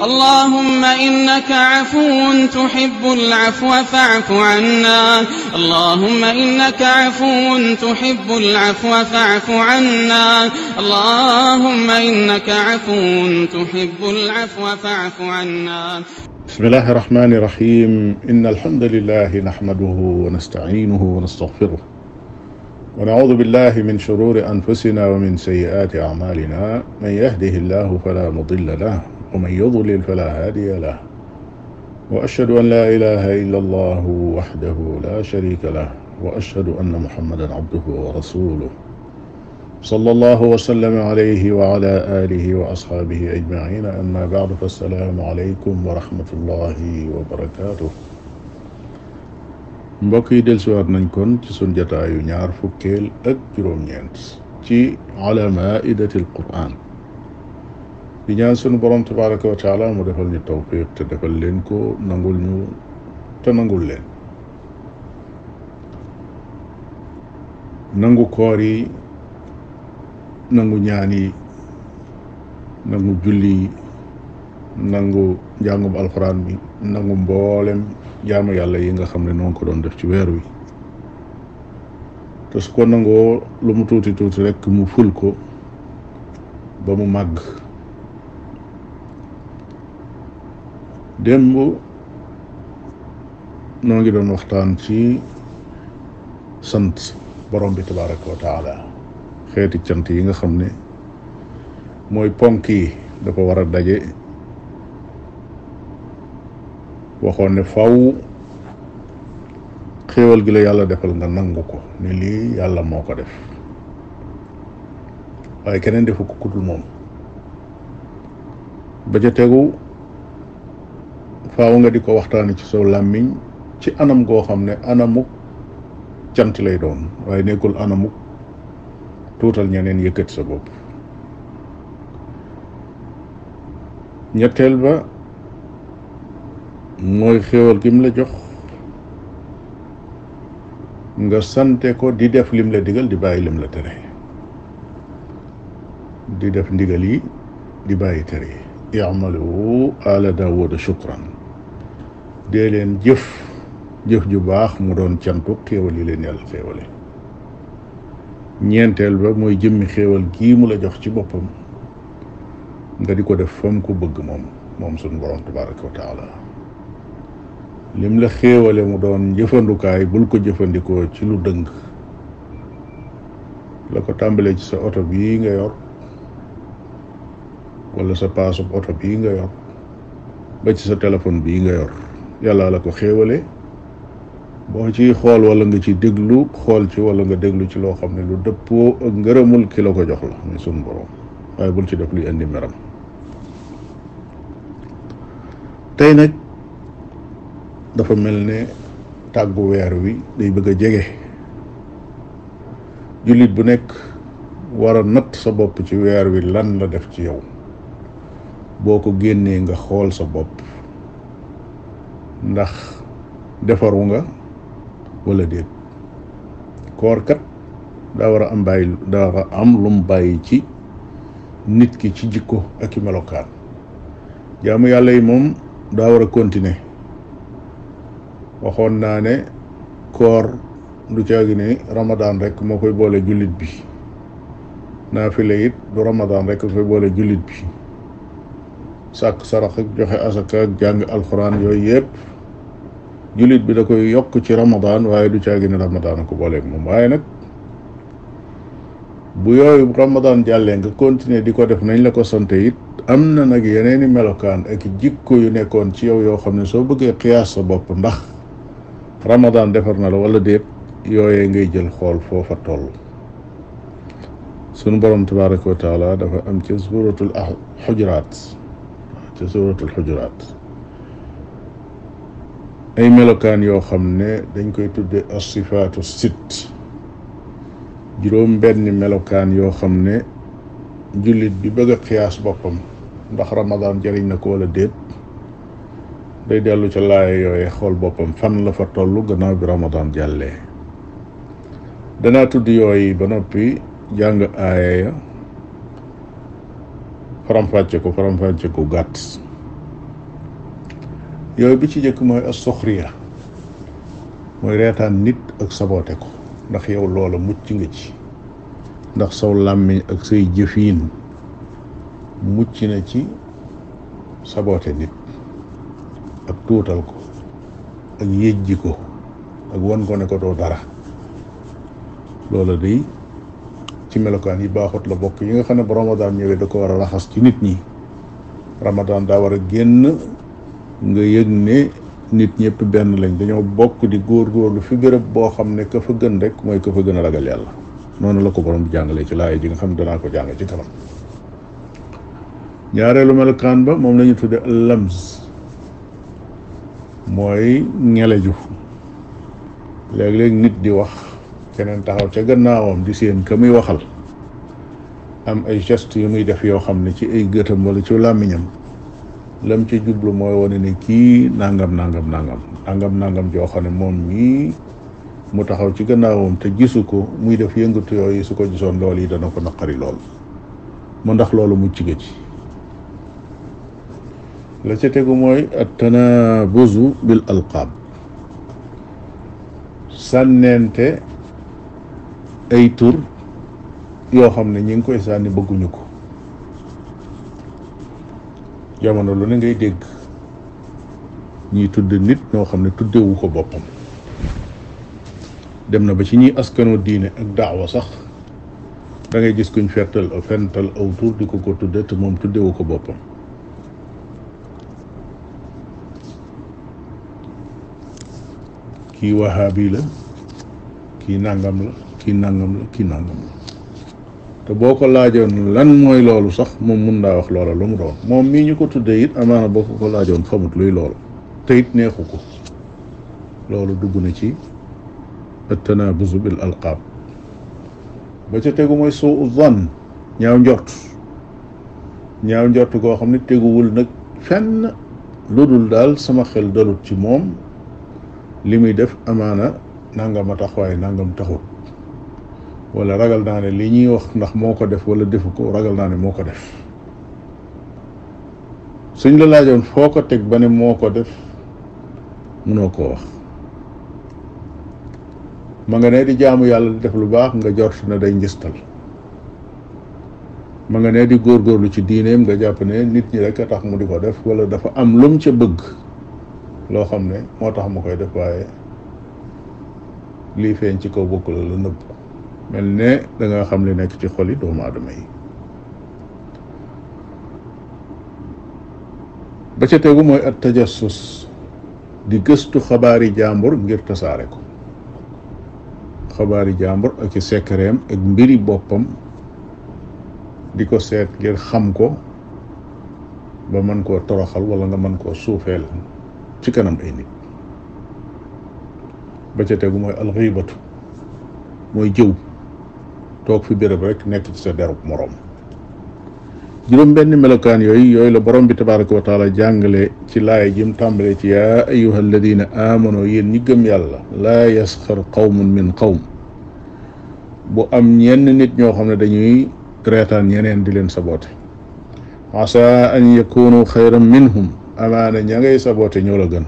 اللهم إنك عفو تحب العفو فاعف عنا اللهم إنك عفو تحب العفو فاعف عنا اللهم إنك عفو تحب العفو فاعف عنا بسم الله الرحمن الرحيم إن الحمد لله نحمده ونستعينه ونستغفره ونعوذ بالله من شرور أنفسنا ومن سيئات أعمالنا من يهده الله فلا مضل له ومن يضلل فلا هادي له وأشهد أن لا إله إلا الله وحده لا شريك له وأشهد أن محمدا عبده ورسوله صلى الله وسلم عليه وعلى آله وأصحابه أجمعين أما بعد فالسلام عليكم ورحمة الله وبركاته mbokk yi dellusiwaat nañ kon ci sunu jataayu ñaar fukkeel ak juróom-ñeent ci Alamaaidatil Qur'aan di ñaan sunu borom tabaraka wa taala mu defal ñu tawfiq te defal leen ko nangul ñu te nangul leen nangu koor yi nangu ñaan yi nangu julli yi nangu njàngum alxuraan bi nangu mboolem jaamu yàlla yi nga xam ne noonu ko doon def ci weer wi te su ko nangoo lu mu tuuti tuuti rekk mu ful ko ba mu màgg démb noo ngi doon waxtaan ci sant borom bi tabaraka wa xeeti cant yi nga xam ne mooy ponk yi dafa war a daje waxoon ne faw xéewal gi la yàlla defal nga nangu ko ne lii yàlla moo ko def waaye keneen defu ko kudul moom ba ca tegu waaw nga di ko waxtaane ci soo làmmiñ ci anam goo xam ne anamuk cant lay doon waaye nekkul anamuk tuutal ñeneen yëkkati sa bopp ñetteel ba mooy xéewal gi mu la jox nga sante ko di def lim la digal di bàyyi lim la tere di def ndigal yi di bàyyi tere yi i'malu ala daawuda shukran dee leen jëf jëf ju baax mu doon cantu xéewal yi leen yàlla xéewale ñeenteel ba mooy jëmmi xéewal kii mu la jox ci boppam nga di ko def fam ko bëgg moom moom suñu borom tabaraka wa lim la xéewale mu doon jëfandukaay bul ko jëfandikoo ci lu dëng la ko tàmbalee ci sa oto bii nga yor wala sa paasub oto bii nga yor ba ci sa téléphone bii nga yor yàlla la ko xéewale boo ci xool walla nga ci déglu xool ci wala nga déglu ci loo xam ne lu dëppoo ak ngërëmul ki la ko jox la muy sun waaye bul ci def luy indi meram tey nag dafa mel ne tàggu weer wi day bëgg a jege jullit bu nekk war a natt sa bopp ci weer wi lan la def ci yow boo ko génnee nga xool sa bopp ndax defaru nga wala déet koor kat daa war a am bàyyi daa war am lum bàyyi ci nit ki ci jikko ak i melokaan jaamu yàlla yi moom daa war a continuer waxoon naa ne koor du ci ne ramadaan rek moo koy boole jullit bi naafile it du ramadaan rek moo koy boole jullit bi sàkk sarax ak joxe asaka ak jàng alxuraan yooyu yëpp jullit bi la koy yokk ci ramadaan waaye du caagi ne ramadaan ko booleeg moom waaye nag bu yooyu ramadaan jàllee nga continuer di ko def nañ la ko sante it am na nag yeneeni melokaan ak jikko yu nekkoon ci yow yoo xam ne soo bëggee xiyaas sa bopp ndax ramadaan defar na la wala déet yooyee ngay jël xool foofa toll sunu borom tabaraka wa taala dafa am ci suratul xujuraat ci xujuraat ay melokaan yoo xam ne dañ koy tudde asifaatu sit juróom benn melokaan yoo xam ne jullit bi bëgg a xiyaas boppam ndax ramadaan jëriñ na ko wala déet day dellu ca laaya yooye xool boppam fan la fa toll gannaaw bi ramadaan jàllee danaa tudd yooyu ba noppi jàng aaya ya faramfàcce ko faramfàcce ko gàtt yooyu bi ci njëkk mooy as suxriya mooy reetaan nit ak saboote ko ndax yow loola mucc nga ci ndax saw làmmiñ ak say jëfiin mucc na ci saboote nit ak tuutal ko ak ji ko ak wan ko ne ko doo dara loola day ci melokaan yi baaxut la bokk yi nga xam ne bu ramadaan ñëwee da ko war a raxas ci nit ñi ramadaan daa war a génn nga yëg ne nit ñëpp benn lañ dañoo bokk di góor góorgóorlu fi gërëb boo xam ne ka fa gën rek mooy ka fa gën a ragal yàlla noonu la ko borom jàngalee ci laay ji nga xam ne danaa ko jàng ci kanam ñaareelu melokaan ba moom lañu ñu tudde lams mooy ñeleju léeg-léeg nit di wax keneen taxaw ca gannaawam di séen ka muy waxal am ay geste yu muy def yoo xam ne ci ay gëtam wala ci làmmiñam lam ci jublu mooy wane ne kii nangam nangam nangam nangam nangam joo ne moom mii mu taxaw ci gannaawam te gisu ko muy def yëngatu yooyu su ko gisoon lool yi dana ko naqari lool mu ndax loolu mu ci ci la ca tegu mooy at tanabuzu bil alqaab sànneente ay tur yoo xam ne ñu ngi koy sànni bëgguñu ko jamono lu ne ngay dégg ñuy tudd nit ñoo xam ne tuddewu ko boppam dem na ba ci ñiy askanoo diine ak daawa sax da ngay gis kuñ fertal fental aw tur di ko ko tudde te moom tuddewu ko boppam kii wahaabi la kii nangam la kii nàngam la kii nàngam la te boo ko laajoon lan mooy loolu sax moom mun naa wax loola lu mu doon moom mii ñu ko tuddee it amaana boo ko ko laajoon xamut luy lool te it neexu ko loolu dugg na ci at-tanaabuzu bil alqaab ba ca tegu mooy suu zan ñaaw njort ñaaw njort koo xam ne teguwul nag fenn lu dul daal sama xel dalut ci moom li muy def amaana nangam ma tax waaye nangam taxut wala ragal naa ne li ñuy wax ndax moo ko def wala defu ko ragal naa ne moo ko def suñ la laajoon foo ko teg ba ne moo ko def mënoo ko wax ma nga ne di jaamu yàlla di def lu baax nga jort na day njëstal ma nga ne di góorgóorlu ci diineem nga jàpp ne nit ñi rek a tax mu di ko def wala dafa am lum ca bëgg loo xam ne moo tax ma koy def waaye lii feeñ ci kaw bokkul la nëbb mel ne danga xam li nekk ci xoli doomu aadama yi ba ca tegu mooy at tajassus di gëstu xabaari jàmbur ngir tasaare ko xabaari jàmbur ak i sekkareem ak mbiri boppam di ko seet ngir xam ko ba mën koo toroxal walla nga mën koo suufeel ci kanam ay nit ba ca mooy alxiibatu mooy jëw toog fi béréb rek nekk ci sa derub moroom juróom benn melokaan yooyu yooyu la borom bi tabaraka wa jàngale ci laaya jim tàmbale ci yaa ayuha alladina amano yéen ñi yàlla laa yasxar qawmun min qawm bu am ñenn nit ñoo xam ne dañuy reetaan yeneen di leen saboote asa an yakunu xayran minhum amaana ña ngay saboote ñoo la gën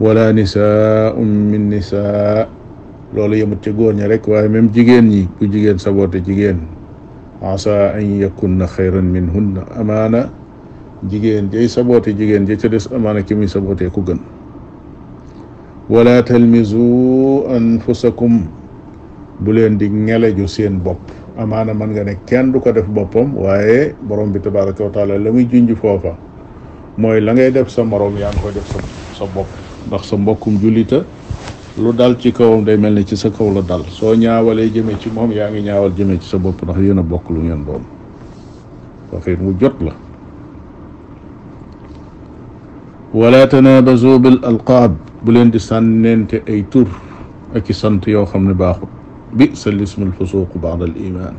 wala nisaaun min nisaa loolu yëmut ca góor ñi rek waaye même jigéen ñi bu jigéen saboote jigéen asa an yakunna xayran minhunna amaana jigéen jay saboote jigéen ja ca des amaana ki muy sabootee ku gën wala talmizu anfusakum bu leen di ngelaju seen bopp amaana man nga ne kenn du ko def boppam waaye borom bi tabaraka wa taala la muy junj foofa mooy la ngay def sa morom yaa ngi koy def sa sa bopp ndax sa mbokkum jullita lu dal ci kawam day mel ni ci sa kaw la dal soo ñaawalee jëmee ci moom yaa ngi ñaawal jëmee ci sa bopp ndax yéen a bokk lu ngeen doon waxit mu jot la wala tanabazu bil alqaab bu leen di sànneente ay tur ak i sant yoo xam ne baaxut bi sa lismul fusuuqu baax al imaan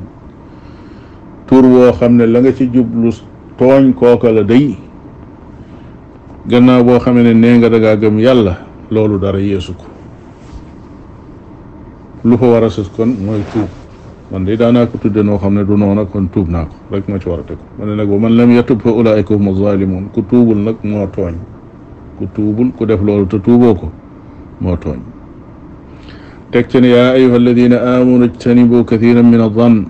tur woo xam ne la nga ci jublu tooñ kooka la day gannaaw boo xam ne nee nga dangaa gëm yàlla loolu dara yéesu ko lu fa war a sës kon mooy tuub man de daanaa ko tudde noo xam ne du noona kon tuub naa ko ci war a teg ma ne nag ba man lam yatub fa ulaayka hum zalimun ku tuubul nag moo tooñ ku tuubul ku def loolu te tuuboo ko moo tooñ teg ya ne yaa ayuha alladina amanu ijtanibu kathiran min adan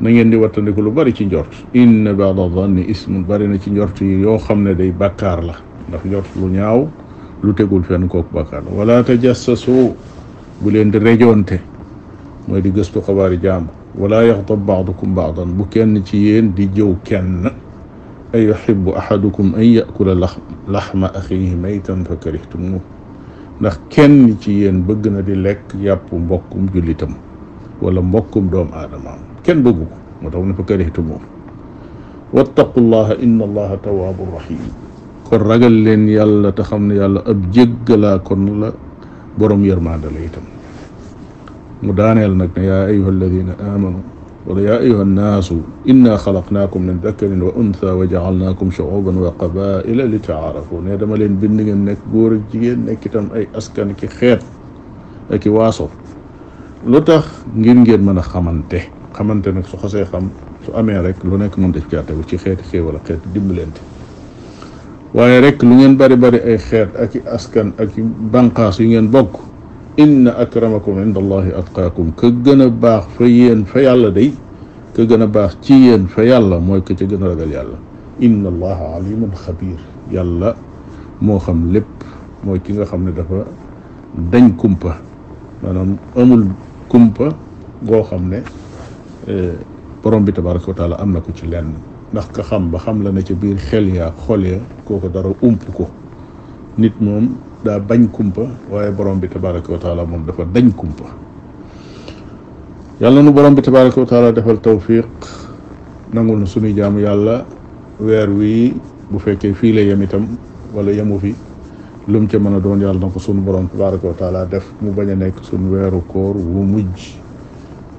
na ngeen di wattandiku lu bari ci njort inna baada danni ismun bari na ci njort yi yoo xam ne day bàkkaar la ndax njort lu ñaaw lu tegul fenn kooku bàkkaar la wala tajassasu bu leen di rejoonte mooy di gëstu xabaari jàmm wala yaxtab baadukum baadan bu kenn ci yéen di jëw kenn ay yuxibu ahadukum an yakula lax laxma axihi fa karihtumuh ndax kenn ci yéen bëgg na di lekk yàpp mbokkum jullitam wala mbokkum doom aadamaam kenn bëggu ko moo tax mu ne fa karihtumuh wattaqullaha rahim kon ragal leen yàlla te xam ne yàlla ab jéggalaa kon la borom yërmande la mu daaneel nag ne yaa ayuha alladina amanu wala yaa ayuha annaasu inna xalaqnaakum min dakarin wa untha wa jacalnaakum shucuban wa qabaila li tacaarafu ne dama leen bind ngeen nekk góor ak jigéen nekk itam ay askan ki xeet ak i waaso lu tax ngir ngeen mën a xamante xamante nag su xasee xam su amee rek lu nekk mën def caa tegu ci xeeti xéewal ak xeeti dimbalante waaye rek lu ngeen bari bari ay xeet ak i askan ak i banqaas yu ngeen bokk inna akramakum inda allahi atqaakum ka gën a baax fa yéen fa yàlla day ka gën a baax ci yéen fa yàlla mooy ka ca gën a ragal yàlla inna allaha alimun xabir yàlla moo xam lépp mooy ki nga xam ne dafa dañ kumpa maanaam amul kumpa goo xam ne eh, borom bi tabaraka wa am na ko ci lenn ndax ka xam ba xam la na ca biir xel ya ak xol ya kooku dara ump ko nit moom daa bañ kumpa waaye borom bi tabaraka wa taala moom dafa dañ kumpa yàlla nu borom bi tabaraka wa taala defal tawfiq nangul na suñu jaamu yàlla weer wi bu fekkee fii la yem itam wala yemu fi lum ca mën a doon yàlla na ko sunu borom tabaraka wa taala def mu bañ a nekk sunu weeru koor wu mujj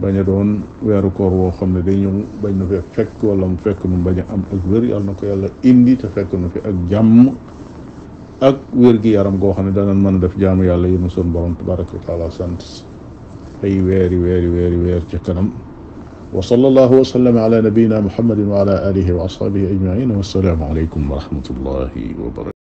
bañ a doon weeru koor woo xam ne day ñëw bañ na fee fekk wala mu fekk nu bañ a am ak wér yàlla na ko yàlla indi te fekk nu fi ak jàmm ak wér gi yaram goo xam ne danañ mën a def jaamu yàlla yi nu son borom tabaraka wa taala sant ay weeri weeri weeri weer ci kanam wa sallallahu wa sallam ala nabiyina muhammadin wa ala alihi wa ashabihi ajmain wassalaamu aleykum wa rahmatullahi wa barakatuh